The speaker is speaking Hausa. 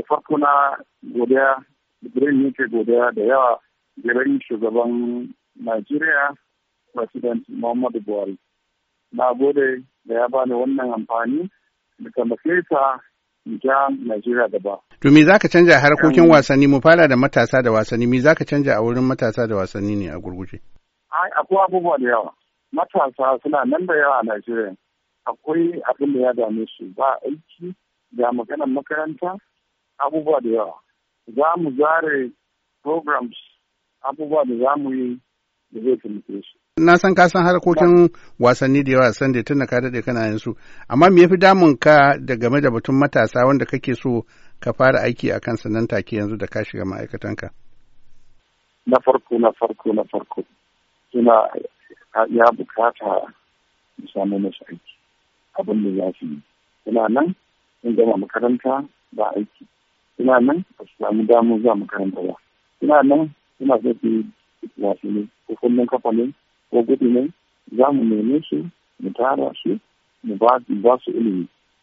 da farko na godiya Ibrahim yake godiya da yawa garin shugaban Najeriya President Muhammadu Buhari. Na gode da ya bani wannan amfani da taimake ja Najeriya gaba. To me zaka canja harkokin um, wasanni mu fara da matasa da wasanni me zaka canja a wurin matasa da wasanni ne a gurguje? Ai akwai abubuwa da yawa. Matasa suna nan da yawa a Najeriya. Akwai abin da ya dame su ba aiki ga maganar makaranta abubuwa da yawa za mu zare programs abubuwa da za mu yi da zai taimake su na san ka san harkokin wasanni da yawa san da tun ka daɗe kana yin su amma me yafi damun ka da game da batun matasa wanda kake so ka fara aiki a kan nan take yanzu da ka shiga ma'aikatanka na farko na farko na farko suna ya bukata mu samu masu aiki abin da za su yi suna nan in gama makaranta ba aiki suna nan ba su samu damar za makaranta ba suna nan suna so su yi wasanni ko kullum kafa ne ko gudu ne za mu neme su mu tara su mu ba su ilimi